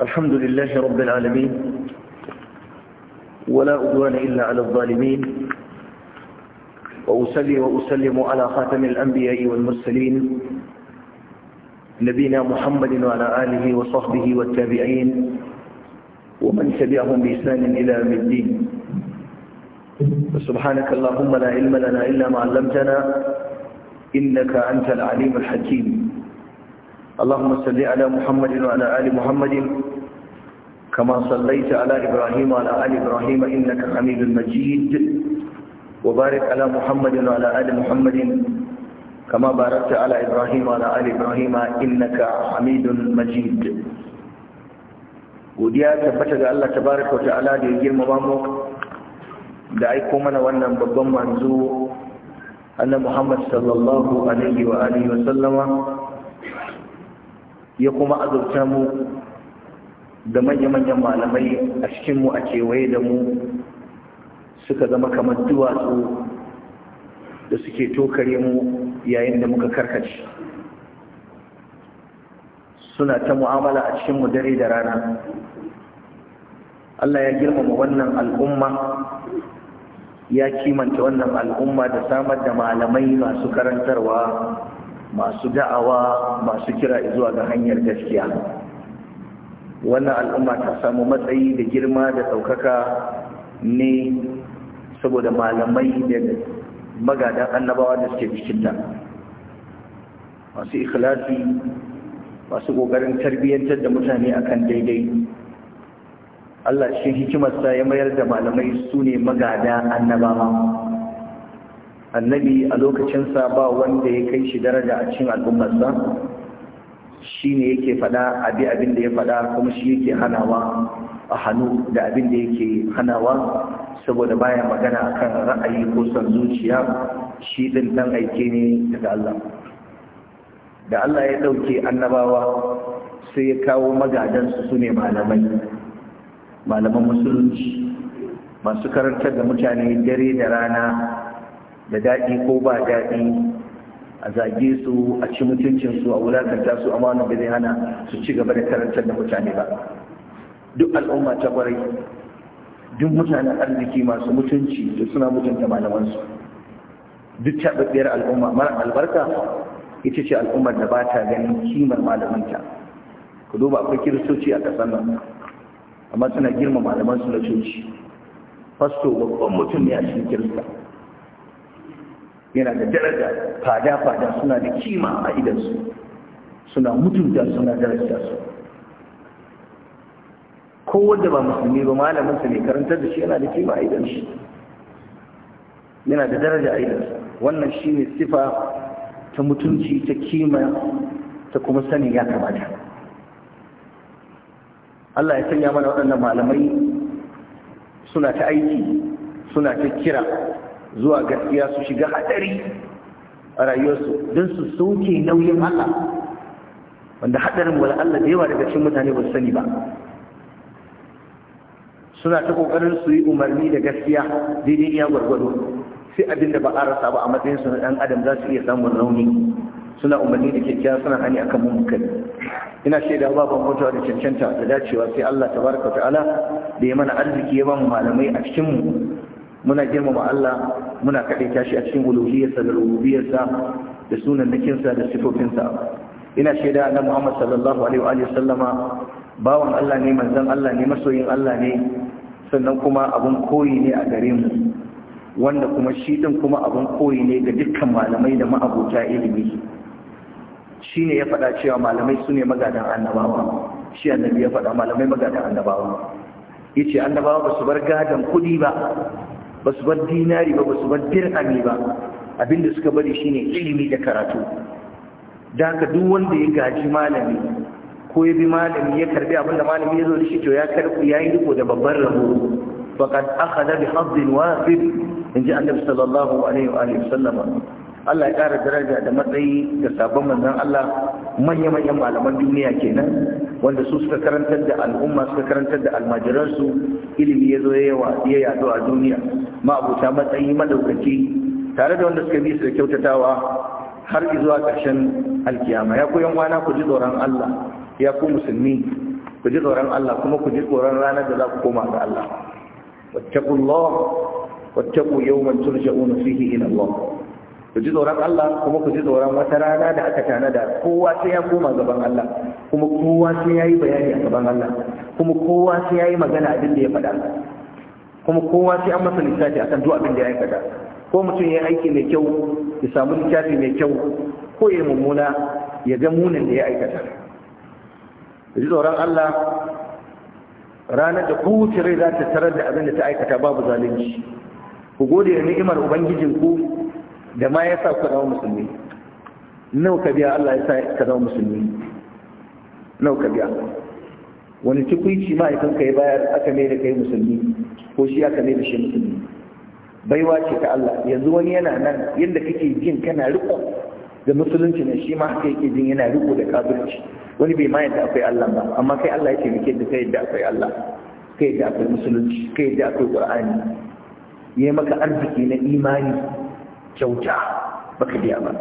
الحمد لله رب العالمين ولا أدوان إلا على الظالمين وأسلم وأسلم على خاتم الأنبياء والمرسلين نبينا محمد وعلى آله وصحبه والتابعين ومن تبعهم بإسلام إلى يوم الدين سبحانك اللهم لا علم لنا إلا ما علمتنا إنك أنت العليم الحكيم اللهم صل على محمد وعلى آل محمد كما صليت على إبراهيم وعلى آل إبراهيم إنك حميد مجيد وبارك على محمد وعلى آل محمد كما باركت على إبراهيم وعلى آل إبراهيم إنك حميد مجيد godiya tabbata ga Allah tabaraka wa ta'ala da ya girmama mu da aiko mana wannan babban manzo annabi Muhammad sallallahu alaihi wa alihi ya kuma azurta mu da manya-manyan malamai a cikinmu a kewaye da mu suka zama kamar duwatsu da suke tokare mu yayin da muka karkace suna ta mu'amala a cikinmu dare da rana Allah ya girmama wannan al'umma ya kimanta wannan al'umma da samar da malamai masu karantarwa masu da'awa masu kira zuwa ga hanyar gaskiya wannan al'umma ta samu matsayi da girma da saukaka ne saboda malamai da magadan annabawa da suke cikinta masu ikhlasi masu ƙoƙarin tarbiyyantar da mutane akan daidai Allah shi hikimarsa ya mayar da malamai su ne magada annabawa annabi a lokacinsa ba wanda ya kai shi daraja a cikin al'ummarsa shi ne yake faɗa abi abin da ya faɗa kuma shi yake hanawa a hannu da abin da yake hanawa saboda baya magana kan ra'ayi ko son zuciya shi ɗin ɗan aike ne daga Allah da Allah ya ɗauke annabawa sai ya kawo magadansu su ne malamai malaman musulunci masu karantar da mutane dare da rana da daɗi ko ba daɗi a zage su a ci mutuncin su a wulakanta su a wannan ba zai hana su ci gaba da karantar da mutane ba duk al'umma ta kwarai duk mutanen arziki masu mutunci da suna mutunta malamansu duk taɓaɓɓiyar al'umma mara albarka ita ce al'ummar da ba ta ganin kimar malamanta ku duba akwai kiristoci a ƙasar nan amma suna girma malamansu na coci fasto babban mutum ne a cikin kirista yana da daraja fada-fada suna da kima a idansu suna mutunta suna daraja su ko wanda ba musulmi ba malaminsa ne karantar da shi yana da kima a idansu yana da daraja a idansu wannan shi ne sifa ta mutunci ta kima ta kuma sanin ya kamata Allah ya sanya mana waɗannan malamai suna ta aiki suna ta kira zuwa gaskiya su shiga hadari a rayuwarsu don su sauke nauyin Allah wanda hadarin wani Allah da yawa daga cikin mutane ba su sani ba suna ta kokarin su yi umarni da gaskiya daidai iya gwargwado sai abin da ba a rasa ba a matsayin su na dan adam za su iya samun rauni suna umarni da kyakkyawa suna hani akan mummukar ina shaida ba ban mutuwa da cancanta da dacewa sai Allah tabaraka ta'ala da ya mana arziki ya ba mu malamai a cikin mu muna girmama Allah muna kaɗai tashi a cikin uluhiyarsa da rububiyarsa da sunan nakinsa da sifofinsa ina shaida na Muhammad sallallahu alaihi wa sallama bawan Allah ne manzon Allah ne masoyin Allah ne sannan kuma abun koyi ne a gare mu wanda kuma shi din kuma abun koyi ne ga dukkan malamai da ma'abota ilimi shine ya faɗa cewa malamai sune magadan annabawa shi annabi ya faɗa malamai magadan annabawa yace annabawa ba su bar gadan kuɗi ba ba su bar dinari ba ba su bar dirhami ba abinda suka bari shine ilimi da karatu da ka duk wanda ya gaji malami ko ya bi malami ya karbi abinda malami ya zo da shi to ya karbi ya yi riko da babban rabo faqad akhadha bi hadd wafid inji annabi sallallahu alaihi wa alihi wasallama Allah ya ƙara daraja da matsayi da sabon manzon Allah manya-manyan malaman duniya kenan wanda su suka karantar da al'umma suka karantar da almajiransu ilimi ya zo ya yado a duniya ma'abuta matsayi madaukaki tare da wanda suka bi su da kyautatawa har zuwa ƙarshen alkiyama ya koyan kwana ku ji tsoron Allah ya ku musulmi ku ji tsoron Allah kuma ku ji tsoron ranar da za ku koma ga Allah wattaqullah wattaqu yawman turja'una fihi ila Allah ku ji tsoron Allah kuma ku ji tsoron wata rana da aka tana da kowa sai ya koma gaban Allah kuma kowa sai ya yi bayani a gaban Allah kuma kowa sai ya yi magana abin da ya faɗa kuma kowa sai an masa lissafi akan duk abin da ya aikata ko mutum ya aiki mai kyau ya samu lissafi mai kyau ko ya mummuna ya ga munin da ya aikata ku ji tsoron Allah ranar da kowace rai za ta tarar da abin da ta aikata babu zalunci ku gode da ni'imar ubangijinku da ma ya sa ku zama musulmi Nau ka biya Allah ya sa ka zama musulmi Nau ka biya wani tukuici ma'aikan ka ya bayar aka mai da kai musulmi ko shi aka mai da shi musulmi baiwa ce ta Allah yanzu wani yana nan yadda kake jin kana riko da musulunci ne shi ma haka yake jin yana riko da kafirci wani bai ma yadda akwai Allah ba amma kai Allah ya taimake da kai yadda akwai Allah kai yadda akwai musulunci kai yadda akwai Qur'ani yayi maka arziki na imani kyauta baka biya ba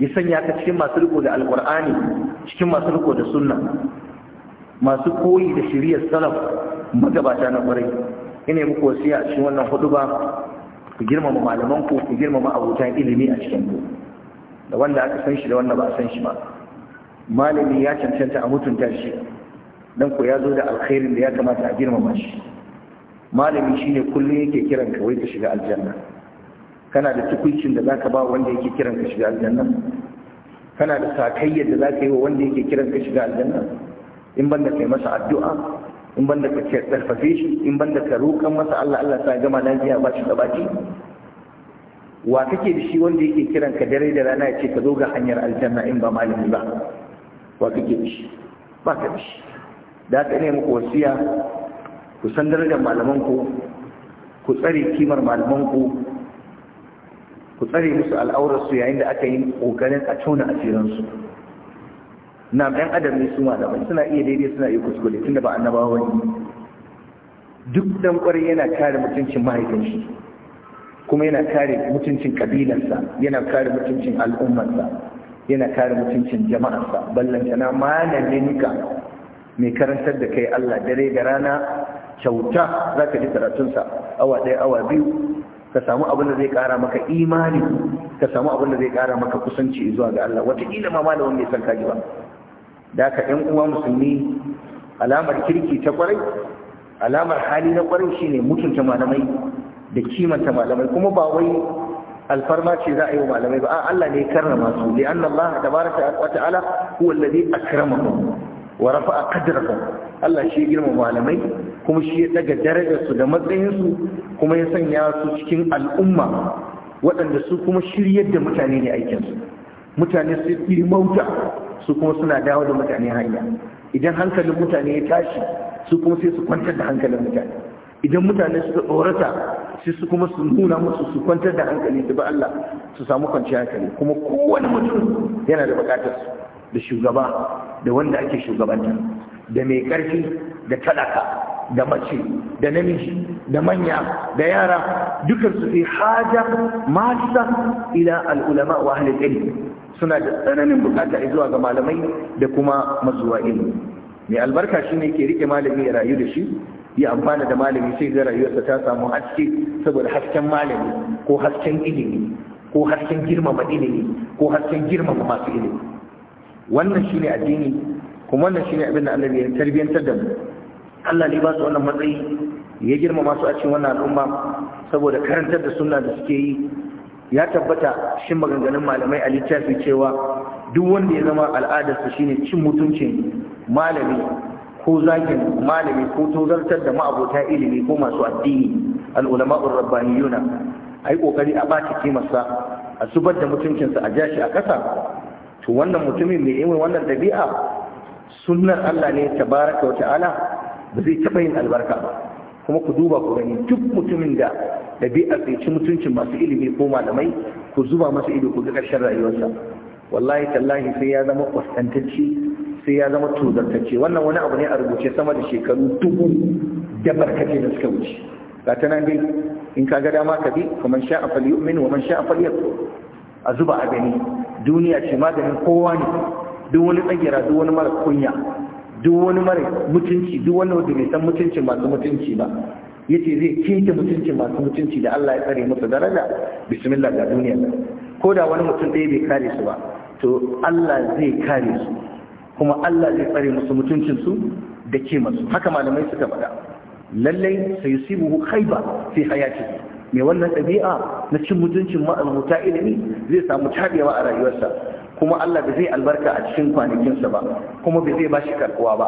ya sanya ka cikin masu riko da alkur'ani cikin masu riko da sunna masu koyi da shiriyar salaf magabata na kwarai ina muku wasiya a cikin wannan hudu ba ku girmama malaman ku ku girmama abokan ilimi a cikin ku da wanda aka san shi da wanda ba a san shi ba malami ya cancanta a mutunta shi dan ku ya zo da alkhairin da ya kamata a girmama shi malami shine kullum yake kiran ka wai ka shiga aljanna kana da tukuncin da zaka ba wanda yake kiran ka shiga aljanna kana da sakayyar da zaka yi wa wanda yake kiran ka shiga aljanna in banda kai masa addu'a in banda ka karfafe shi in banda ka roƙan masa Allah Allah sa gama lafiya ba shi gabaci wa kake da shi wanda yake kiran ka dare da rana ya ce ka zo ga hanyar aljanna in ba malami ba wa kake da shi ba ka da shi da ka ne muku wasiya ku san darajar malamanku ku tsare kimar malamanku ku tsare musu al'aurarsu yayin da aka yi ƙoƙarin a tona asiransu. na ɗan adam ne su malamai suna iya daidai suna iya kuskure tunda ba ba ne duk dan ƙwarai yana kare mutuncin mahaifinshi kuma yana kare mutuncin kabilarsa yana kare mutuncin al'ummarsa yana kare mutuncin jama'arsa ne nika mai karantar da kai Allah dare da rana kyauta za ka ji karatunsa awa ɗaya awa biyu ka samu abin da zai kara maka imani ka samu abin da zai kara maka kusanci zuwa ga Allah wataƙila ma malamin bai san kaji ba da ka ɗan uwa musulmi alamar kirki ta kwarai alamar hali na kwarai shine mutunta malamai da kimanta malamai kuma ba wai alfarma ce za a yi wa malamai ba A Allah ne karrama su li'anna Allah tabaraka wa ta'ala huwa alladhi akramakum wa rafa'a qadrahum Allah shi girma malamai kuma shi ya daga darajarsu da matsayinsu kuma ya sanya su cikin al'umma waɗanda su kuma shiryar da mutane ne aikinsu mutane su yi mauta su kuma suna dawo da mutane hanya idan hankalin mutane ya tashi su kuma sai su kwantar da hankalin mutane idan mutane suka tsorata sai su kuma su nuna musu su kwantar da hankali su ba Allah su samu kwanciyar hankali kuma kowane mutum yana da bukatar su da shugaba da wanda ake shugabanta da mai ƙarfi da talaka da mace da namiji da manya da yara su fi haja masa ila al'ulama wa ahlul suna da tsananin bukata zuwa ga malamai da kuma mazuwa ilmi mai albarka shine ke rike malami ya rayu da shi ya amfana da malami sai ga rayuwarsa ta samu haske saboda hasken malami ko hasken ilimi ko hasken girmama ilimi ko hasken girmama masu ilimi wannan shine addini kuma wannan shine abin da Allah ya tarbiyantar da mu Allah ne ba su wannan matsayi ya girmama su a cikin wannan al'umma saboda karantar da sunna da suke yi ya tabbata shi maganganun malamai a littafi cewa duk wanda ya zama al'adarsa shine cin mutuncin malami ko zagin malami ko tozartar da ma'abota ilimi ko masu addini al'ulama'ur rabbaniyuna ai kokari a bata kimarsa a zubar da mutuncinsa a jashi a ƙasa to wannan mutumin mai irin wannan ɗabi'a Sunan Allah ne tabaraka wa ta'ala ba zai taɓa yin albarka ba kuma ku duba ku gani duk mutumin da ɗabi'a sai ci mutuncin masu ilimi ko malamai ku zuba masa ido ku ga ƙarshen rayuwarsa wallahi tallahi sai ya zama kwastantacce sai ya zama tuzartacce wannan wani abu ne a rubuce sama da shekaru dubu da barkace da suka wuce ga ta nan dai in ka ga dama ka bi kuma sha a fali yu'min wa man sha a fali yakfur a zuba a gani duniya ce maganin kowa ne duk wani tsagira duk wani mara kunya duk wani mara mutunci duk wani wanda bai san mutuncin masu mutunci ba yace zai keta mutuncin masu mutunci da Allah ya tsare masa daraja bismillah ga duniya ko da wani mutum ɗaya bai kare su ba to Allah zai kare su kuma Allah zai tsare musu mutuncin su da ke masu haka malamai suka faɗa lallai sayusibuhu khaiba fi hayatihi mai wannan ɗabi'a na cin mutuncin ma'almuta ilimi zai samu tabewa a rayuwarsa kuma Allah bai zai albarka a cikin kwanakinsa ba kuma bai zai ba shi karkuwa ba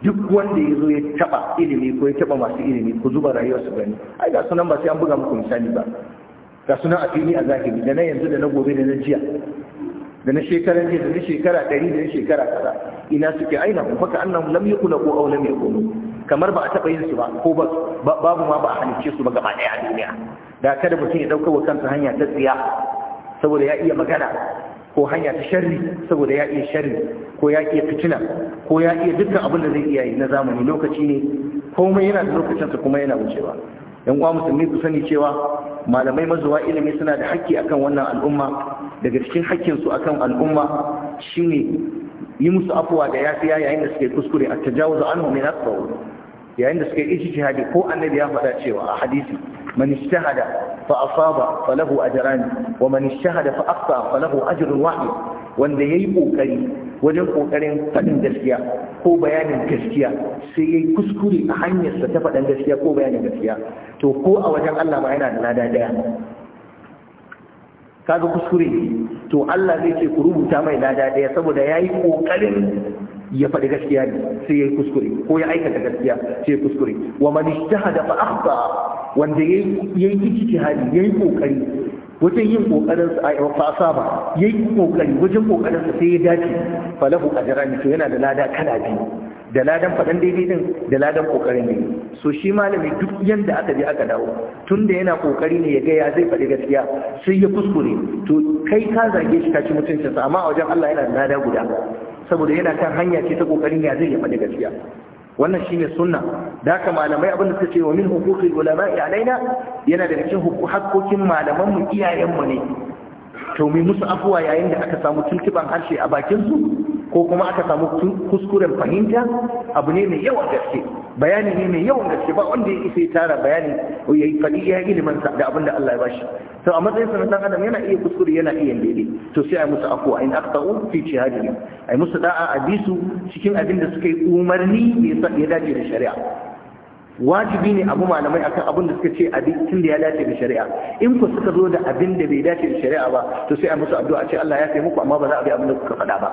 duk wanda ya zo ya taɓa ilimi ko ya taɓa masu ilimi ko zuba rayuwarsa gani ai ga sunan ba sai an buga muku misali ba ga sunan a fili a zahiri da na yanzu da na gobe da na jiya da na shekaran jiya da na shekara ɗari da na shekara kaza ina suke aina kuma ka annan lam yakula ko aw lam yakunu kamar ba a taɓa yin su ba ko babu ma ba a halice su ba gaba ɗaya a duniya da kada mutum ya ɗaukar wa kansa hanya ta tsiya saboda ya iya magana ko hanya ta sharri saboda ya iya sharri ko ya iya fitina ko ya iya dukkan abin da zai iya yi na zamani lokaci ne komai yana da lokacinsa kuma yana wucewa yan uwa musulmi ku sani cewa malamai mazuwa ilimi suna da hakki akan wannan al'umma daga cikin hakkin su akan al'umma shine yi musu afuwa da yafiya yayin da suke kuskure a tajawuzu anhu min asbahu yayin da suke jihadi ko annabi ya faɗa cewa a hadisi man ijtahada fa asaba falahu ajran wa man ijtahada fa akhta falahu ajrun wahid wanda yayi kokari wajen kokarin faɗin gaskiya ko bayanin gaskiya sai yayi kuskure a hanyarsa ta faɗin gaskiya ko bayanin gaskiya to ko a wajen Allah ma yana da lada daya kaga kuskure to Allah zai ce ku rubuta mai lada daya saboda yayi kokarin ya faɗi gaskiya ne sai yayi kuskure ko ya aikata gaskiya sai yayi kuskure wa man ijtahada fa akhta wanda yayi yayi ijtihadi yayi kokari wajen yin kokarin sa ai fa saba yayi kokari wajen kokarin sa sai ya dace falahu ajran to yana da lada kala biyu da ladan faɗan daidai din da ladan ƙoƙarin ne so shi malami duk yanda aka je aka dawo Tunda yana ƙoƙari ne ya gaya zai faɗi gaskiya sai ya kuskure to kai ka zage shi ka ci mutuncinsa amma a wajen Allah yana da lada guda saboda yana kan hanya ce ta ƙoƙarin ya zai ya faɗi gaskiya wannan shi ne sunna da haka malamai abin da suka ce wa min huquqil ulama'i alaina yana da cikin hakokin malaman mu iyayen ne to mu musu afuwa yayin da aka samu tuntuban harshe a bakin su ko kuma aka samu kuskuren fahimta abu ne mai yawan gaske bayani ne mai yawan gaske ba wanda ya isa ya tara bayani ya yi faɗi ya ilimin sa da abin da Allah ya bashi to a matsayin sa dan adam yana iya kuskure yana iya daidai to sai ai musu afwa in aqta'u fi jihadihim ai musu da'a a bisu cikin abin da suka yi umarni ya dace da shari'a wajibi ne abu malamai akan abin da suka ce abin da ya dace da shari'a in ku suka zo da abin da bai dace da shari'a ba to sai a musu addu'a ce Allah ya taimaku amma ba za a bi abin da kuka faɗa ba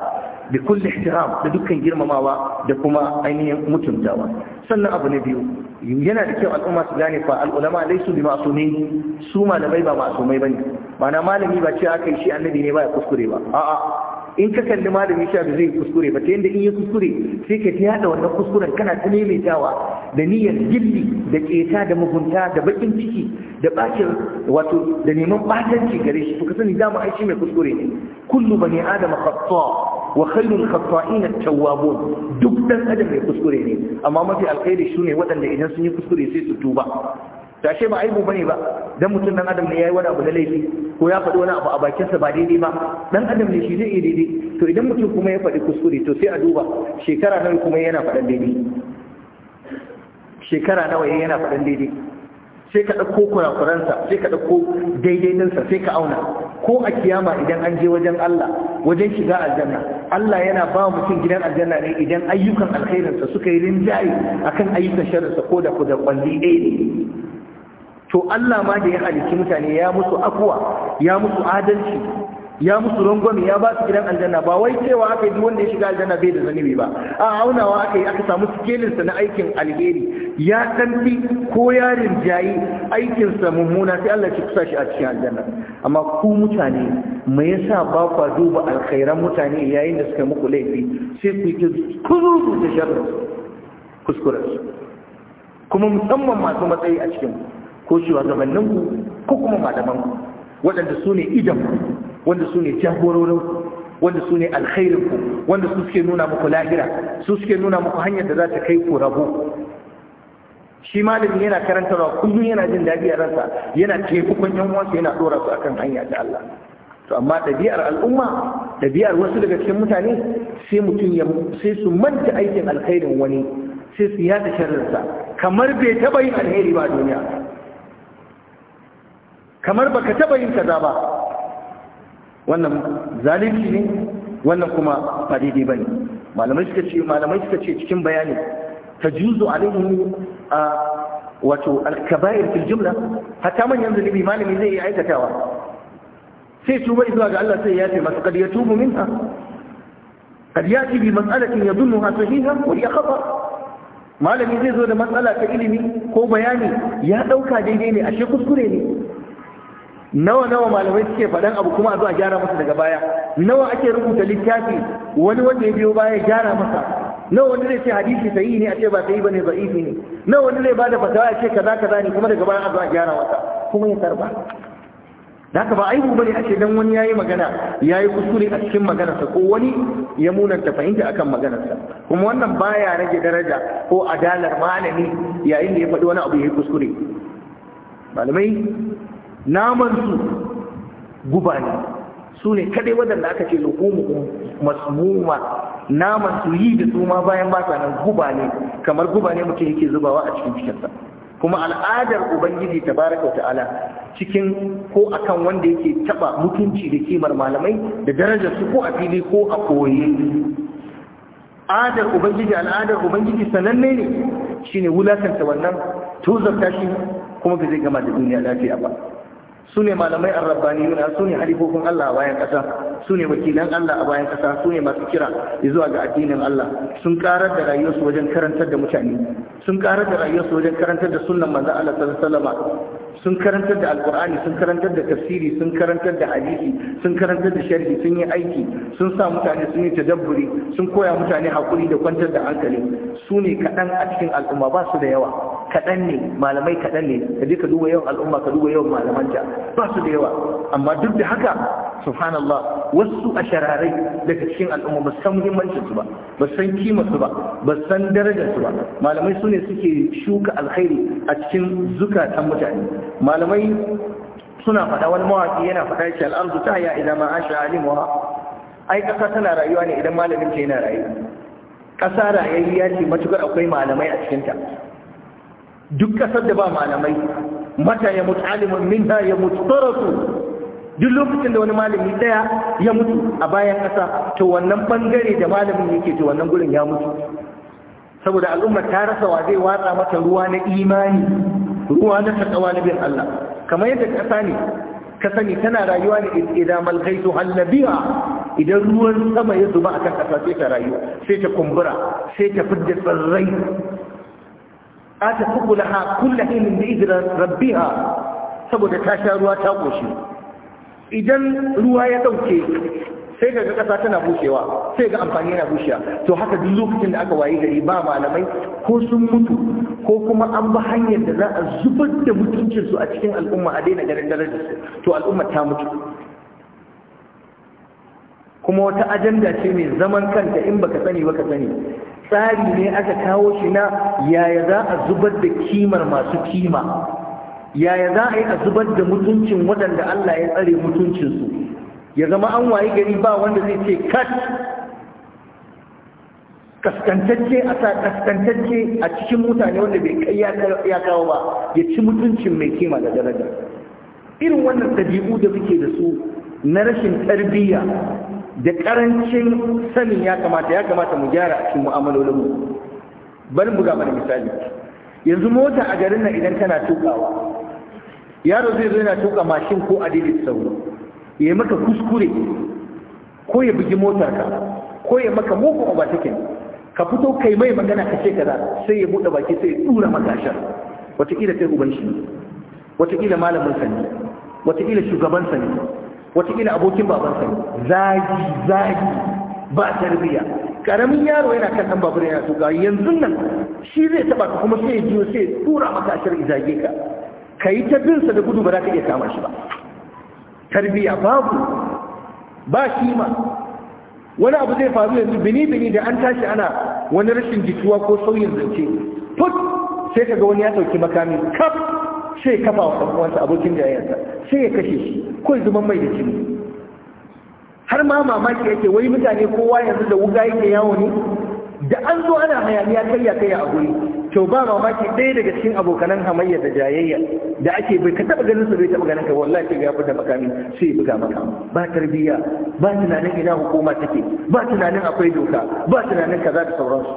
bi kulli ihtiram da dukkan girmamawa da kuma ainihin mutuntawa sannan abu na biyu yana da kyau al'umma su gane fa al'ulama laysu bi ma'sumin su malamai ba ma'sumai bane ma'ana malami ba ce aka yi shi annabi ne ba ya kuskure ba a'a in ka kalli malami sha da zai kuskure ba ta yadda in yi kuskure sai ka ta yada wannan kuskuren kana ta maimaitawa da niyyar gilli da keta da mugunta da bakin ciki da bakin wato da neman batanci gare shi to sani dama aiki mai kuskure ne kullu bani adama khata wa khairul khata'in tawwabun duk dan adam mai kuskure ne amma mafi alkhairi shine waɗanda idan sun yi kuskure sai su tuba tashe ba aibu bane ba dan mutum dan adam ne yayi wani abu na laifi ko ya faɗi wani abu a bakinsa ba daidai ba dan adam ne shi zai daidai to idan mutum kuma ya faɗi kuskure to sai a duba shekara nawa kuma yana faɗan daidai shekara nawa yana faɗan daidai sai ka ɗauko kurakuransa sai ka ɗauko daidaitinsa sai ka auna ko a kiyama idan an je wajen Allah wajen shiga aljanna Allah yana ba mutum gidan aljanna ne idan ayyukan alkhairinsa suka yi rinjaye akan ayyukan sharrinsa ko da ku da kwalli ɗaya to Allah ma da ya halicci mutane ya musu afuwa ya musu adalci ya musu rangwame ya ba su gidan aljanna ba wai cewa aka yi wanda ya shiga aljanna bai da zanibi ba a aunawa aka yi aka samu sa na aikin alheri ya tanti ko ya rinjayi aikinsa mummuna sai Allah ya kusa shi a cikin aljanna amma ku mutane me yasa ba kwa duba alkhairan mutane yayin da suka muku laifi sai ku yi kuzuru da kuskuren kuma musamman masu matsayi a cikin ko shugabanninku ko kuma malamanku waɗanda su ne idanku wanda su ne jagororinku wanda su ne alkhairinku wanda su suke nuna muku lahira su suke nuna muku hanyar da za ta kai ku rabo shi malamin yana karantarwa kullum yana jin daɗi a ransa yana taimakon yan uwansa yana ɗora su akan hanya ta Allah to amma ɗabi'ar al'umma ɗabi'ar wasu daga cikin mutane sai mutum ya sai su manta aikin alkhairin wani sai su yada sharrinsa kamar bai taɓa yin alheri ba duniya kamar ba ka taba yin kaza ba wannan zalimci ne wannan kuma ba daidai bane malamai suka ce malamai suka ce cikin bayani ta alaihi a wato alkabayar fil jumla hatta manyan zulubi malami zai yi aikatawa sai tuba zuwa ga Allah sai ya ce masa kad yatubu minha kad yati bi mas'alatin yadunnuha sahiha wa ya khata malami zai zo da matsala ta ilimi ko bayani ya dauka daidai ne ashe kuskure ne nawa nawa malamai suke faɗan abu kuma a zo a gyara masa daga baya nawa ake rubuta littafi wani wanda ya biyo baya gyara masa nawa wani zai ce hadisi sahihi ne a ce ba sahihi bane da'ifi ne nawa wani zai bada fatawa a ce kaza kaza ne kuma daga baya a zo a gyara masa kuma ya karba da haka ba aibu bane a ce dan wani yayi magana yayi kuskure a cikin maganarsa ko wani ya munanta fahimta akan maganarsa kuma wannan baya rage daraja ko adalar malami yayin da ya faɗi wani abu yayi kuskure malamai naman su guba ne su ne kadai wadanda aka ce lukumu masmuma naman su yi da suma bayan ba sa nan guba ne kamar guba ne mutum yake zubawa a cikin cikinsa kuma al'adar ubangiji tabaraka wa ta'ala cikin ko akan wanda yake taba mutunci da kimar malamai da darajar su ko a fili ko a koyi adar ubangiji al'adar ubangiji sananne ne shine wulatanta wannan tozarta shi kuma ba zai gama da duniya lafiya ba su ne malamai arrabbaniyuna su ne halifofin Allah a bayan ƙasa su ne wakilan Allah a bayan ƙasa su ne masu kira zuwa ga addinin Allah sun karar da rayuwarsu wajen karantar da mutane sun karar da rayuwarsu wajen karantar da sunan manzon Allah sallallahu alaihi sun karantar da alqur'ani sun karantar da tafsiri sun karantar da hadisi sun karantar da sharhi sun yi aiki sun sa mutane sun yi tadabburi sun koya mutane hakuri da kwantar da hankali su ne kaɗan a cikin al'umma ba su da yawa kaɗan ne malamai kaɗan ne ka je ka duba yawan al'umma ka duba yawan malamanta ba su da yawa amma duk da haka subhanallah wasu a shararai daga cikin al'umma ba san muhimmancin su ba ba san kimar su ba ba san darajar su ba malamai su ne suke shuka alkhairi a cikin zukatan mutane malamai suna faɗa wani mawaƙi yana faɗa shi al'arzu ta ya idan ma an ai ƙasa tana rayuwa ne idan malamin ta yana rayu ƙasa rayayya ce matukar akwai malamai a cikinta duk kasar da ba malamai mata ya mutu alimin minha ya mutu tsarasu duk lokacin da wani malami daya ya mutu a bayan kasa to wannan bangare da malamin yake to wannan gurin ya mutu saboda al'ummar ta rasa wa zai watsa mata ruwa na imani ruwa na takawa na bin Allah kamar yadda kasa ne kasa ne tana rayuwa ne idan malgaitu hallabiya idan ruwan sama ya zuba akan kasa sai ta rayu sai ta kumbura sai ta fidda tsirrai ata tuku laha kullu hinin bi idra rabbiha saboda ta sha ruwa ta ƙoshi. idan ruwa ya ɗauke, sai ga kasa tana bushewa sai ga amfani yana bushewa to haka duk lokacin da aka waye gari ba malamai ko sun mutu ko kuma an ba hanyar da za a zubar da mutuncinsu a cikin al'umma a daina garin su, to al'umma ta mutu kuma wata ajanda ce mai zaman kanta in baka sani baka sani tsari ne aka kawo shi na yaya za a zubar da kimar masu kima yaya za a yi a zubar da mutuncin waɗanda Allah ya tsare mutuncinsu ya zama an wayi gari ba wanda zai ce kat kaskantacce a sa kaskantacce a cikin mutane wanda bai kai ya kawo ba ya ci mutuncin mai kima da daraja irin wannan ɗabi'u da suke da su na rashin tarbiyya da karancin sanin ya kamata ya kamata mu gyara a cikin mu'amalolinmu bari ga mana misali yanzu mota a garin nan idan kana tukawa yaro zai zo yana tuka mashin ko adidin sauro ya maka kuskure ko ya bugi ka ko ya maka moko ba take ka fito kai mai magana ka ce kaza sai ya bude baki sai ya dura maka shar kila kai uban shi wataƙila malamin sani wataƙila shugaban sani watakila abokin babansa zagi zagi ba tarbiya karamin yaro yana kan dan babur yana tuka yanzu nan shi zai taba ka kuma sai jiyo sai tura maka ashir izage ka kai ta bin da gudu ba za ka iya kama shi ba tarbiya babu ba shi ma wani abu zai faru yanzu bini bini da an tashi ana wani rashin jituwa ko sauyin zance put sai ka ga wani ya dauki makami kaf sai kafa wa wasu abokin jayayyarsa sai ya kashe shi ko zuma mai da jini har ma mamaki yake wai mutane kowa yanzu da wuga yake yawo ne da an zo ana hayaniya ya kai a guri to ba mamaki ɗaya daga cikin abokanan hamayya da jayayya da ake bai ka taɓa ganin su bai taɓa ganin ka wallahi sai ya da makami sai ya buga maka ba tarbiyya ba tunanin ina hukuma take ba tunanin akwai doka ba tunanin kaza da sauransu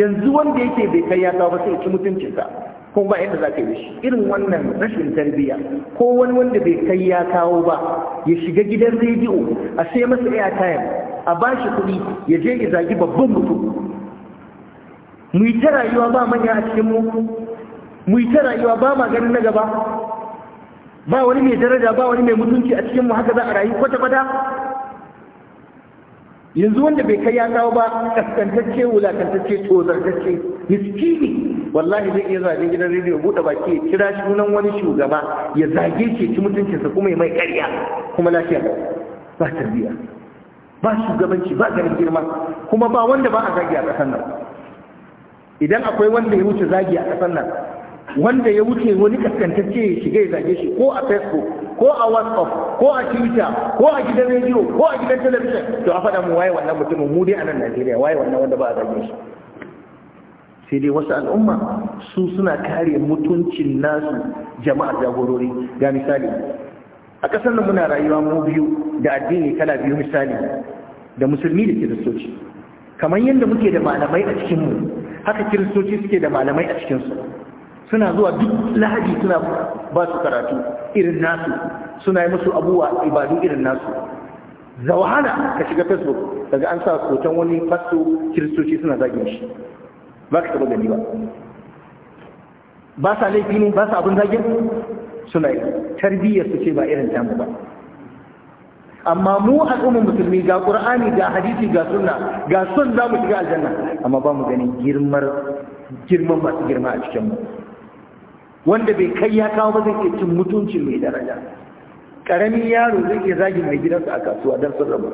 yanzu wanda yake bai kai ya kawo sai ya ci mutuncinsa ko ba yadda za ka yi shi irin wannan rashin tarbiyya ko wani wanda bai kai ya kawo ba ya shiga gidan rediyo a sai masa airtime a ba shi kuɗi ya je ya zagi babban mutum mu yi ta rayuwa ba manya a cikin mu mu yi ta rayuwa ba ma ganin na gaba ba wani mai daraja ba wani mai mutunci a cikin mu haka za a rayu kwata-kwata yanzu wanda bai kai ya kawo ba kaskantacce wulakantacce tozartacce miskini wallahi zai iya zagin gidan rediyo buɗe baki ya kira sunan wani shugaba ya zage ke ci mutuncinsa kuma ya mai ƙarya kuma lafiya ba tarbiyya ba shugabanci ba ganin girma kuma ba wanda ba a zagi a ƙasar nan idan akwai wanda ya wuce zagi a ƙasar nan wanda ya wuce wani kaskantacce ya shiga ya zage shi ko a facebook ko a whatsapp ko a twitter ko a gidan rediyo ko a gidan talabijin to a faɗa mu waye wannan mutumin mu dai a nan najeriya waye wannan wanda ba a zage shi sai dai wasu al'umma su suna kare mutuncin nasu jama'ar jagorori ga misali a ƙasar nan muna rayuwa mu biyu da addini kala biyu misali da musulmi da kiristoci kamar yadda muke da malamai a cikinmu haka kiristoci suke da malamai a cikinsu suna zuwa duk lahadi suna ba su karatu irin nasu suna yi musu abubuwa ibadu irin nasu zawahana ka shiga facebook daga an sa hoton wani fasto kiristoci suna zagin shi ba ka taɓa gani ba ba sa laifi ne ba sa abin zagin suna yi tarbiyyar su ce ba irin tamu ba amma mu al'ummar musulmi ga qur'ani ga hadisi ga sunna ga sun za mu shiga aljanna amma ba mu ganin girmar girman masu girma a cikin mu wanda bai kai ya kawo ba zai iya cin mutuncin mai daraja Ƙaramin yaro zai iya zagi mai gidansa a kasuwa don sun rabu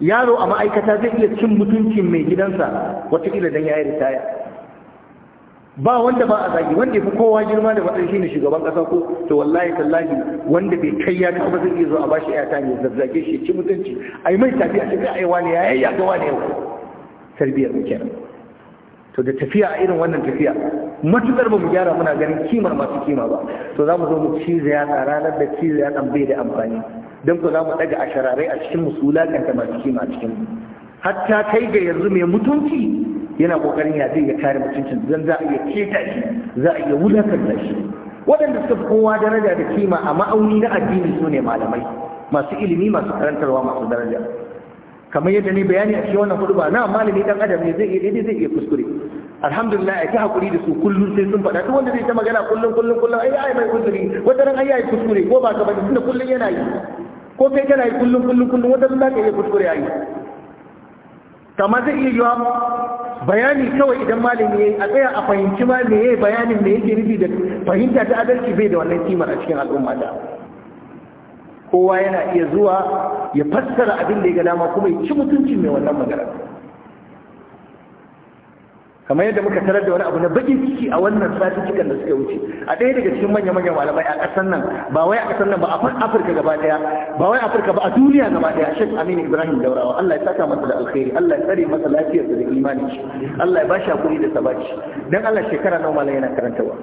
yaro a ma'aikata zai iya cin mutuncin mai gidansa watakila don ya yi ritaya ba wanda ba a zagi wanda fi kowa girma da matsayin shi ne shugaban ƙasa ko to wallahi tallahi wanda bai kai ya kama zai iya zo a bashi yata ne zazzage shi ci mutunci a yi mai tafiya a cikin aiwa ne yayi ya gawa ne yau tarbiyyar mu kenan to da tafiya a irin wannan tafiya matukar ba mu gyara muna ganin kimar masu kima ba to za mu zo mu cize ya ranar da cize ya bai da amfani don ku za mu a shararai a cikin ta masu kima a cikin hatta kai ga yanzu mai mutunci yana kokarin ya zai ya kare mutuncin zan za a iya keta shi za a iya da shi waɗanda suka kowa daraja da kima a ma'auni na addini su ne malamai masu ilimi masu karantarwa masu daraja kamar yadda ni bayani a cikin wannan hudu na malami dan adam ne zai iya zai iya kuskure alhamdulillah ai ta hakuri da su kullun sai sun faɗa duk wanda zai ta magana kullun kullun kullun ai ai mai kuskure wata ran ai ai kuskure ko ba ka bane tunda kullun yana yi ko kai kana yi kullum kullum kullum wata za zaka iya kuskure ayi kamar zai iya yiwa bayani kawai idan malami ya yi a tsaya a fahimci ma me yayi bayanin da yake nufi da fahimta ta adalci bai da wannan kimar a cikin al'umma da kowa yana iya zuwa ya fassara abin da ya ga dama kuma ya ci mutuncin mai wannan magana kamar yadda muka tarar da wani abu na bakin ciki a wannan sati cikin da suka wuce a ɗaya daga cikin manya manyan malamai a ƙasar nan ba wai a ƙasar nan ba a afirka gaba ɗaya ba wai afirka ba a duniya gaba ɗaya shek aminu ibrahim daurawa allah ya saka masa da alkhairi allah ya tsare masa lafiyarsa da imanin shi allah ya bashi hakuri da sabaci dan allah shekara nawa malam yana karantawa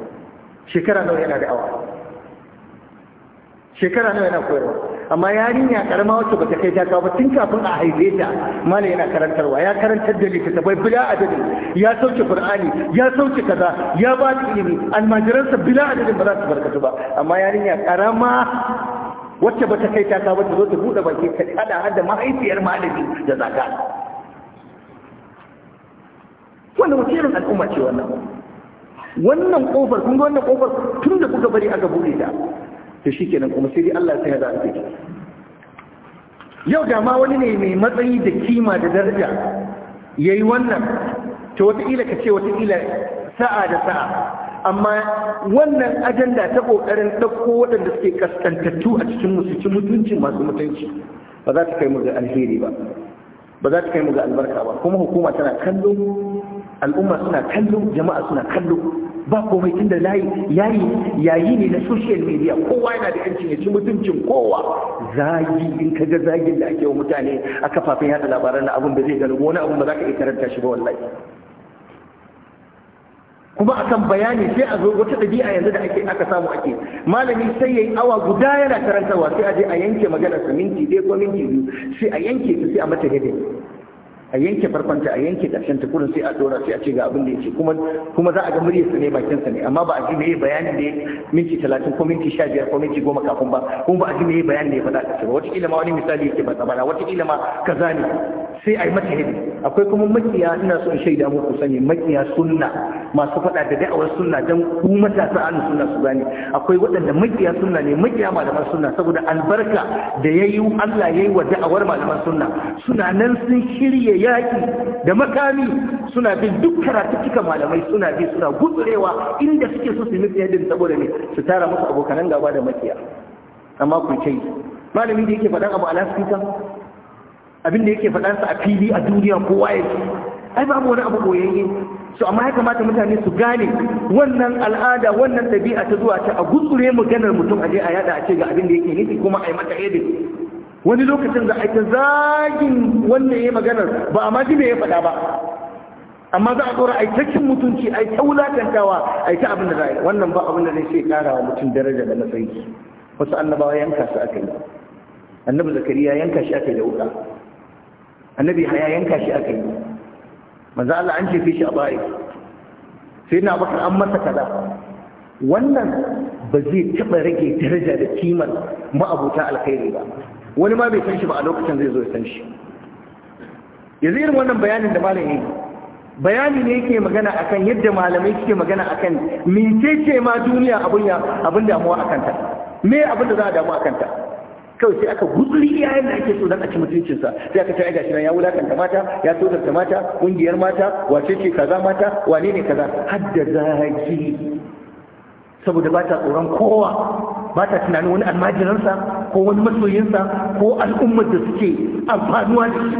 shekara nawa yana da'awa shekara nawa yana koyarwa amma yarinya karama wacce bata kai ta kawo tun kafin a haife ta mala yana karantarwa ya karantar da littattafai bila adadin ya sauke qur'ani ya sauke kaza ya ba ta ilimi sa bila adadin ba za su barkatu ba amma yarinya karama wacce bata kai ta kawo ta zo ta bude baki ta kada har da mahaifiyar malami da zaka wannan wace irin al'umma ce wannan wannan kofar kun ga wannan kofar tun da kuka bari aka bude ta to shi kenan kuma sai dai Allah sai ya a ki yau da ma wani ne mai matsayi da kima da daraja yi wannan to wataƙila ka ce wataƙila sa'a da sa'a amma wannan ajanda ta ƙoƙarin ɗauko waɗanda suke kaskantattu a cikin musulci mutunci masu mutunci ba za ta kai mu ga alheri ba ba za ta kai mu ga albarka ba kuma hukuma tana kallo al'umma suna kallo jama'a suna kallo ba komai da layi yayi yayi ne na social media kowa yana da yancin ya ci mutuncin kowa zagi in ka ga zagin da ake wa mutane a kafafen yada labaran abin da zai gani wani abin ba za ka iya karanta shi ba wallahi kuma akan bayani sai a zo wata ɗabi'a yanzu da ake aka samu ake malami sai yayi awa guda yana karantarwa sai a je a yanke magana sa minti ɗaya ko minti biyu sai a yanke su sai a mata hidin a yanke farkonta a yanke ƙarshen ta kurin sai a dora sai a ce ga abin da yake kuma kuma za a ga muryar sa ne bakin sa ne amma ba a ji me bayani ne minti 30 ko minti 15 ko minti 10 kafin ba kuma ba a ji me bayani ne ya faɗa da ba wata kila ma wani misali yake ba tsabara wata kila ma kaza ne sai a yi mata hidi akwai kuma makiya ina son shaida muku sani makiya sunna masu faɗa da da'awar sunna don ku matasa an sunna su gane akwai waɗanda makiya sunna ne makiya malaman sunna saboda albarka da yayi Allah yayi wa da'awar malaman sunna suna nan sun shirye yaki da makami suna bin duk karatuttuka malamai suna bi suna gutsurewa inda suke so su nufi yadda saboda ne su tara musu abokan gaba da makiya amma ku ce malami da yake faɗan abu a abinda yake faɗansa a fili a duniya kowa ya ce ai babu wani abu koyayye su amma ya kamata mutane su gane wannan al'ada wannan ɗabi'a ta zuwa ta a gutsure maganar mutum a je a yada a ce ga abin da yake nufi kuma a yi mata edin wani lokacin za a ta zagin wanda ya yi maganar ba a maji me ya faɗa ba amma za a tsora a yi ta mutunci a yi ta wulatantawa a yi ta abin da za a yi wannan ba abin da zai ce ƙara wa mutum daraja da matsayi wasu annabawa yanka su aka yi annabi zakariya yanka shi aka yi da wuka annabi ya yanka shi aka yi manzo Allah an jefe shi a baya sai na bakar an masa kaza wannan ba zai taba rage daraja da kimar ma'abuta alkhairi ba wani ma bai san shi ba a lokacin zai zo ya san shi yanzu irin wannan bayanin da malam yi bayani ne yake magana akan yadda malamai suke magana akan mecece ma duniya abin damuwa akan ta me abin da za a damu akan ta kawai sai aka gutsuri 'ya'yan da ake so don a ci mutuncinsa sai aka ta gashi nan ya wulakanta mata ya tozarta mata ƙungiyar mata wace ce kaza mata wane ne kaza hadda zaki saboda ba ta tsoron kowa ba ta tunanin wani almajiransa ko wani masoyinsa ko al'ummar da suke amfanuwa da shi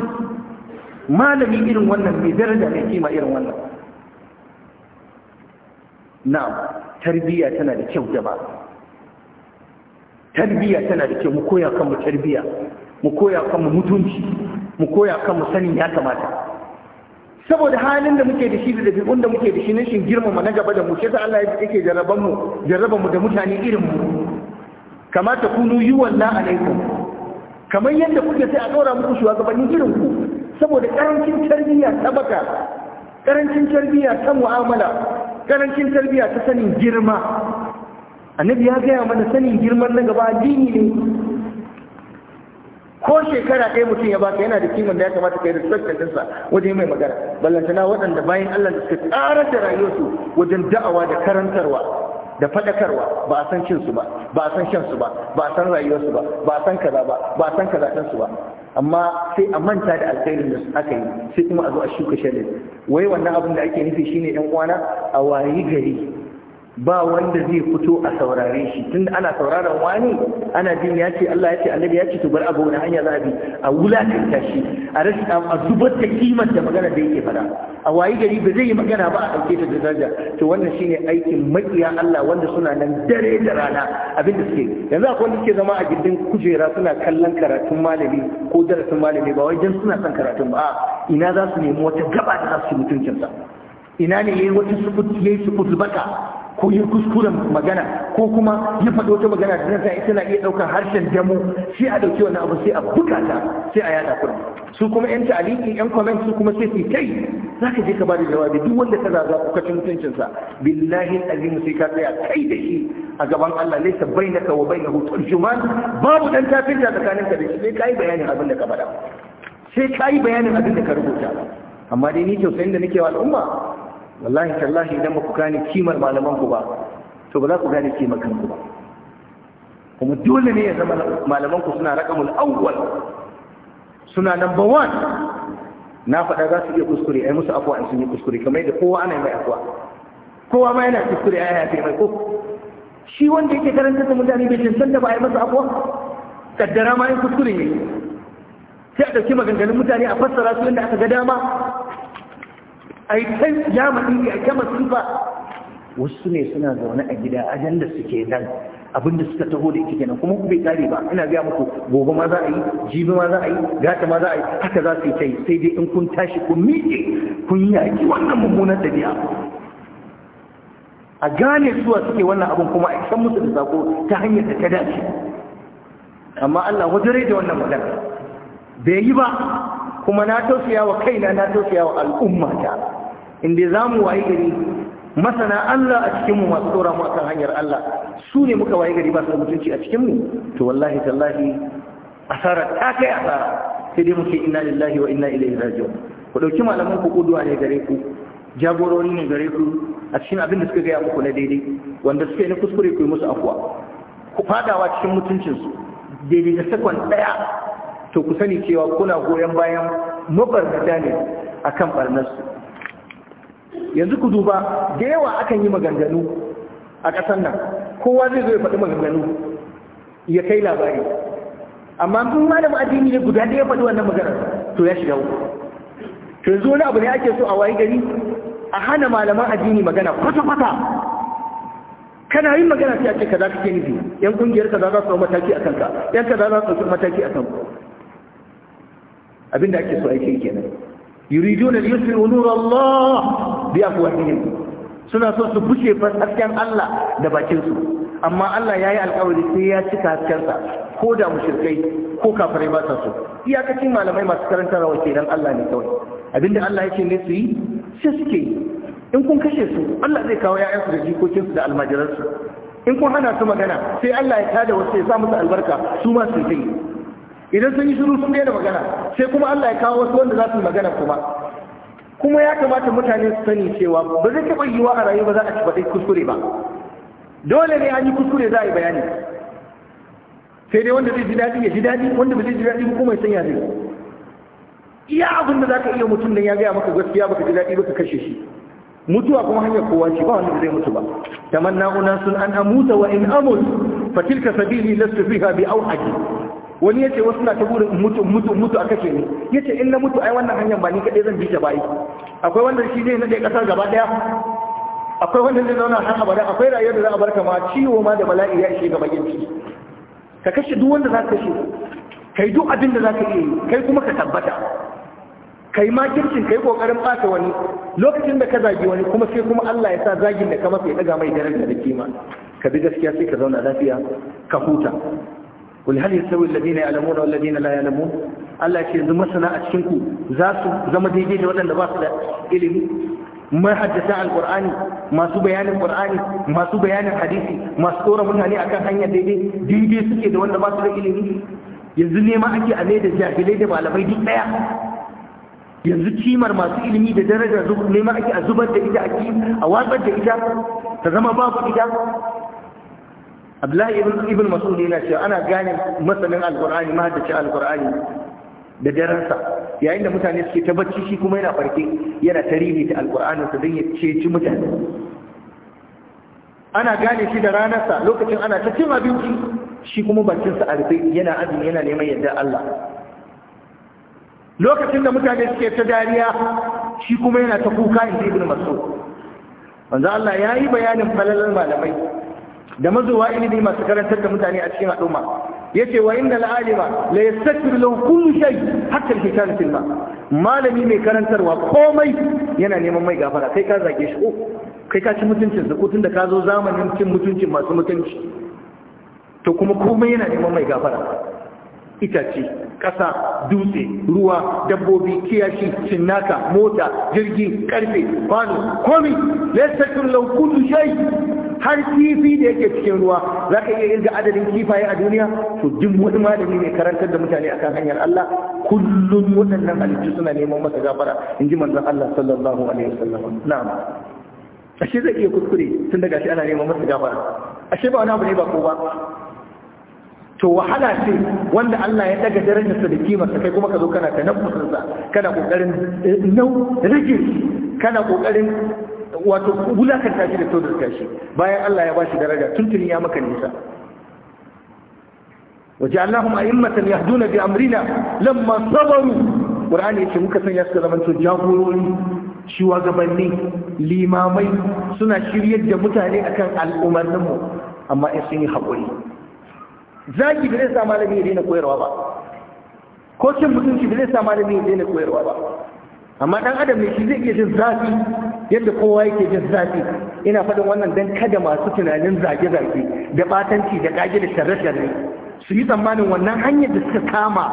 malami irin wannan mai daraja mai kima irin wannan na'am tarbiyya tana da kyau ba Tarbiya tana da kyau mu koya kanmu tarbiya, mu koya kanmu mutunci mu koya kanmu sanin ya kamata saboda halin da muke da shi da dabi'un da muke da shi nan shin girmama na gaba da mu shi Allah yake jaraban mu jarraba mu da mutane irin mu ku nu yi yuwalla alaikum kamar yadda kuke sai a dora muku shugabannin irin ku saboda karancin tarbiya ta baka karancin tarbiya ta mu'amala karancin tarbiya ta sanin girma annabi ya gaya mana sanin girman na gaba addini ne ko shekara ɗaya mutum ya baka yana da kiman da ya kamata kai da sa wajen mai magana ballantana waɗanda bayan Allah da suka tsara da rayuwarsu wajen da'awa da karantarwa da faɗakarwa ba a san cin su ba ba a san shan su ba ba a san rayuwarsu ba ba a san kaza ba ba a san kaza ɗin su ba amma sai a manta da alkhairin da aka yi sai kuma a zo a shuka shalin wai wannan abin da ake nufi shine yan uwana a wayi gari ba wanda zai fito a saurare shi tunda ana sauraron wani ana jin ya ce Allah ya ce annabi ya ce to bar abu na hanya za a bi a wulakanta shi a rashin a zubar da kimar da magana da yake fada a wayi gari ba zai yi magana ba a ɗauke ta da daraja to wannan shine aikin makiya Allah wanda suna nan dare da rana abin da suke yanzu akwai wanda suke zama a gindin kujera suna kallon karatun malami ko darasin malami ba wai dan suna son karatun ba ina za su nemi wata gaba da za su mutuncinsa ina ne yayi wata sukutu yayi sukutu baka ko yi kuskuren magana ko kuma yi faɗi wata magana da zai tana iya ɗaukar harshen damu sai a ɗauki wannan abu sai a bukata sai a yada kuɗi su kuma yan ta'aliki yan comment su kuma sai su kai za ka je ka ba da jawabi duk wanda ka zaza ku kacin mutuncinsa billahi azim sai ka tsaya kai da shi a gaban Allah laysa bainaka wa bainahu turjuman babu dan tafinta ka da shi sai kai bayanin abin da ka faɗa sai kai bayanin abin da ka rubuta amma dai ni tausayin da nake wa al'umma wallahi tallahi idan ku gane kimar malamanku ba to ba za ku gane kimar kanku ba kuma dole ne ya zama malamanku suna rakamul awwal suna number one na faɗa za su iya kuskure ai musu afuwa in sun yi kuskure kamar yadda kowa ana mai afuwa kowa ma yana kuskure ai yafe mai ko shi wanda yake karanta da mutane bai cancanta ba ai masa afuwa kaddara ma in kuskure ne sai a ɗauki maganganun mutane a fassara su inda aka ga dama a yi ta jama'i a ta masifa wasu ne suna zaune a gida ajan da suke nan abin da suka taho da ita kenan kuma ku bai kare ba ina ga muku gobe ma za a yi jibi ma za a yi gata ma za a yi haka za su yi ta yi sai dai in kun tashi kun miƙe kun yi yaƙi wannan mummunan biya a gane suwa suke wannan abin kuma a isan musu da sako ta hanyar da ta dace amma Allah wajere da wannan magana bai yi ba kuma na tausaya wa kaina na tausaya wa al'ummata inda za mu waye gari masana Allah a cikinmu masu tsora mu akan hanyar Allah su ne muka waye gari ba su da mutunci a cikinmu to wallahi tallahi asara ta kai asara sai dai muke inna lillahi wa inna ilaihi raji'un ku dauki malaman ku kuduwa ne gare ku jagorori ne gare ku a cikin abin da suka gaya muku na daidai wanda suka yi na kuskure ku yi musu afuwa ku fadawa cikin mutuncinsu daidai da sakon daya to ku sani cewa kuna goyon bayan mabarkata ne akan barnarsu yanzu ku duba da yawa akan yi maganganu a ƙasar nan kowa zai zo ya faɗi maganganu ya kai labari amma kun da addini ne guda da ya faɗi wannan maganar to ya shiga uku to yanzu wani abu ne ake so a wayi gari a hana malaman addini magana kwata-kwata kana yin magana sai a ce kaza kake nufi yan kungiyar kaza za su hau mataki a kanka yan kaza za su hau mataki a kanku abinda ake so aiki kenan yuriduna liyusfi'u nurallah Biya bi afwahihim suna so su bushe hasken Allah da bakinsu amma Allah ya yi alkawari sai ya cika haskensa ko da mushrikai ko kafirai ba sa so iyakacin malamai masu karanta ke kenan Allah ne kawai abinda Allah yake ne su yi sai suke in kun kashe su Allah zai kawo ƴaƴansu da jikokinsu da almajiransu in kun hana su magana sai Allah ya tada wasu ya sa musu albarka su ma su yi idan sun yi shiru sun daina magana sai kuma Allah ya kawo wasu wanda za su yi magana kuma kuma ya kamata mutane su sani cewa ba zai taɓa yiwa a rayuwa za a ci baɗai kuskure ba dole ne an yi kuskure za a yi bayani sai dai wanda zai ji daɗi ya ji daɗi wanda ba zai ji daɗi kuma ya sanya zai iya abin da za ka iya mutum don ya gaya maka gaskiya baka ji daɗi baka kashe shi mutuwa kuma hanyar kowa ce ba wanda zai mutu ba tamanna una sun an amuta wa in amut fa tilka sabili lastu fiha bi auhaji wani yace wasu na ta burin mutu mutu mutu aka ce ni yace in na mutu ai wannan hanyar ba ni kadai zan bi ta bai akwai wanda shi zai nade kasar gaba daya akwai wanda zai zauna har abada akwai rayuwar da za a barka ma ciwo ma da bala'i ya ishe gaba ginci ka kashe duk wanda za ka kashe kai duk abin da za ka iya kai kuma ka tabbata kai ma kirkin kai kokarin ɓata wani lokacin da ka zagi wani kuma sai kuma Allah ya sa zagin da ka masa ya daga mai daraja da kima ka bi gaskiya sai ka zauna lafiya ka huta kul hal yasawi alladhina ya'lamuna wal ladina la ya'lamun Allah ce yanzu masana a cikin ku za su zama daidai da waɗanda ba su da ilimi haddasa alqur'ani masu bayanin qur'ani masu bayanin hadisi masu tsora mutane akan hanyar daidai daidai suke da wanda ba su da ilimi yanzu nema ake a da jahilai da malamai duk daya yanzu kimar masu ilimi da darajar nema ake a zubar da ita a watsar da ita ta zama babu ita abdullahi ibn mas'ud yana cewa ana gane masanin Al-Qur'ani ma da darasa. yayin da mutane suke ta bacci shi kuma yana farke yana tarihi ta Al-Qur'ani sa dan ya ceci mutane ana gane shi da ranarsa lokacin ana ta cin abinci shi kuma bakinsa a rufe yana azumi yana neman yadda Allah lokacin da mutane suke ta dariya shi kuma yana ta kuka inda ibn mas'ud manzo Allah ya yi bayanin falalar malamai da mazuwa ilimi masu karantar da mutane a cikin al'umma ce wa inda alima la yastakiru lahu kullu shay hatta al-hitan malami mai karantarwa komai yana neman mai gafara kai ka zage shi ko kai ka ci mutuncin sa tunda ka zo zamanin cin mutuncin masu mutunci to kuma komai yana neman mai gafara itace ƙasa dutse ruwa dabbobi kiyashi sinaka mota jirgi karfe kwano komi laisakun laukudu shai har kifi da yake cikin ruwa za ka iya irga adadin kifaye a duniya to jin wani malami ne karantar da mutane akan hanyar Allah kullum waɗannan halittu suna neman masa gafara in ji manzon Allah sallallahu alaihi wasallam na'am ashe zai iya kuskure tun daga shi ana neman masa gafara ashe ba wani abu ne ba ko ba to wahala ce wanda Allah ya daga sa da kimarsa kai kuma ka zo kana tanaffusinsa kana kokarin eh, nau rage kana kokarin wato wulakanta shi da tozarta shi bayan Allah ya bashi daraja tuntuni ya maka nisa وجعلناهم أئمة يهدون بأمرنا لما صبروا قرآن يتي muka sanya suka zaman to jagorori shugabanni limamai suna shiryar da mutane akan mu. amma in sun yi haƙuri zagi da zai sa malami ya daina koyarwa ba ko cin mutunci da zai sa malami ya daina koyarwa ba amma dan adam ne shi zai iya jin zafi yadda kowa yake jin zafi ina faɗin wannan dan kada masu tunanin zage-zage da batanci da kage da sharre-sharre su yi tsammanin wannan hanyar da suka kama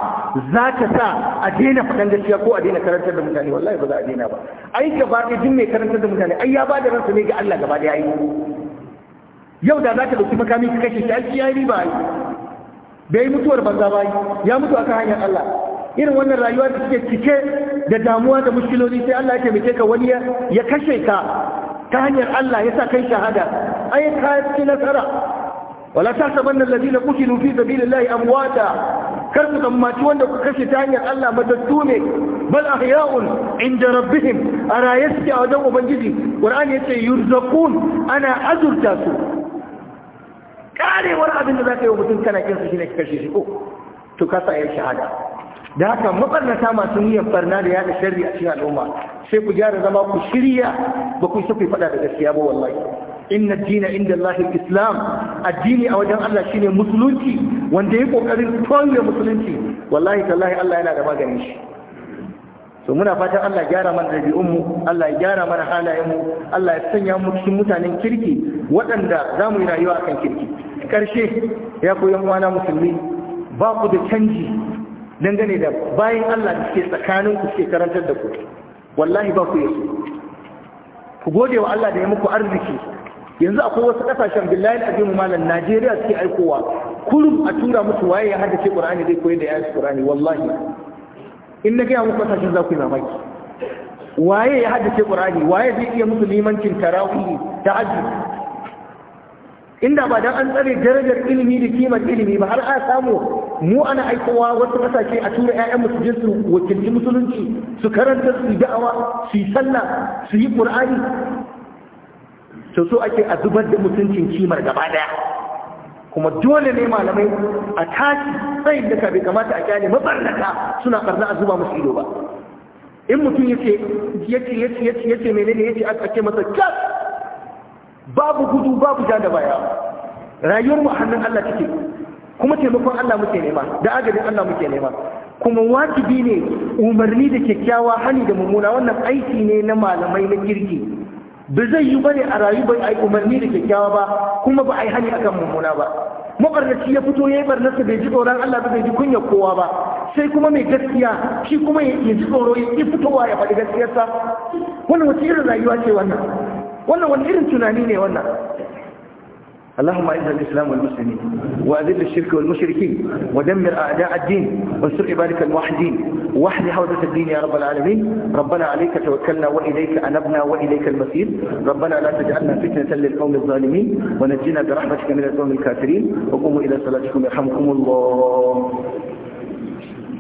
za ta sa a daina faɗan gaskiya ko a daina karantar da mutane wallahi ba za a daina ba ai gaba ɗaya duk mai karantar da mutane ai ya ba da ransa ne ga Allah gaba ɗaya yau da za ka ɗauki makami ka kashe shi ai ya riba bai mutuwar banza ba ya mutu akan hanyar Allah irin wannan rayuwa da suke cike da damuwa da mushkiloli sai Allah ya taimake ka wani ya kashe ka ta hanyar Allah ya sa kai shahada ai ka ci nasara wala tahsabanna alladhina qutilu fi a amwata kar ku tsammaci wanda ku kashe ta hanyar Allah matattu ne bal ahya'un inda rabbihim a raye suke a wajen ubangiji ya yace yurzaqun ana azurta su wani abin da za ka yi mutum kana kinsa shi ne kashe shi ko oh, to kasa ya shahada da haka mabarnata masu niyyar barna da yada sharri a cikin al'umma sai ku gyara zama ku shirya ba ku ku faɗa da gaskiya ba wallahi inna dina inda Allah islam addini a wajen Allah shine musulunci wanda ya kokarin tauye musulunci wallahi tallahi Allah yana da maganin shi to muna fatan Allah gyara mana mu Allah ya gyara mana halayenmu Allah ya sanya mu cikin mutanen kirki waɗanda za mu yi rayuwa akan kirki ƙarshe ya koyi wana musulmi ba ku da canji dangane da bayan Allah da ke tsakanin ku ke karantar da ku wallahi ba ku su ku gode wa Allah da ya muku arziki yanzu akwai wasu kasashen billahi azimu malam Najeriya suke aikowa kullum a tura musu waye ya haddace Qur'ani zai koyi da su Qur'ani wallahi in na gaya muku kasashen za ku yi mamaki waye ya haddace Qur'ani waye zai iya musu limancin tarawih tahajjud inda ba dan an tsare darajar ilimi da kimar ilimi ba har a samu mu ana aikowa wasu kasashe a tura ƴaƴan musulmi su wakilci musulunci su karanta su da'awa su yi sallah su yi qur'ani to so ake a zubar da mutuncin kimar gaba daya kuma dole ne malamai a tashi tsayin da bai kamata a kyale mabarnata suna karna a zuba musu ido ba in mutum yace yace yace yace menene yace aka ce masa kyas babu gudu babu ja da baya rayuwar mu hannun Allah take kuma taimakon Allah muke nema da agajin Allah muke nema kuma wajibi ne umarni da kyakkyawa hani da mummuna wannan aiki ne na malamai na kirki ba zai yi bane a rayu bai ai umarni da kyakkyawa ba kuma ba ai hani akan mummuna ba mabarnaci ya fito yayi barnarsa bai ji tsoron Allah bai ji kunya kowa ba sai kuma mai gaskiya shi kuma ya ji tsoro ya fitowa ya faɗi gaskiyarsa wannan wace irin rayuwa ce wannan wannan wani irin tunani ne wannan اللهم اعز الاسلام والمسلمين واذل الشرك والمشركين ودمر اعداء الدين وانصر عبادك الموحدين واحد حوزه الدين يا رب العالمين ربنا عليك توكلنا واليك انبنا واليك المصير ربنا لا تجعلنا فتنه للقوم الظالمين ونجنا برحمتك من القوم الكافرين وقوموا الى صلاتكم يرحمكم الله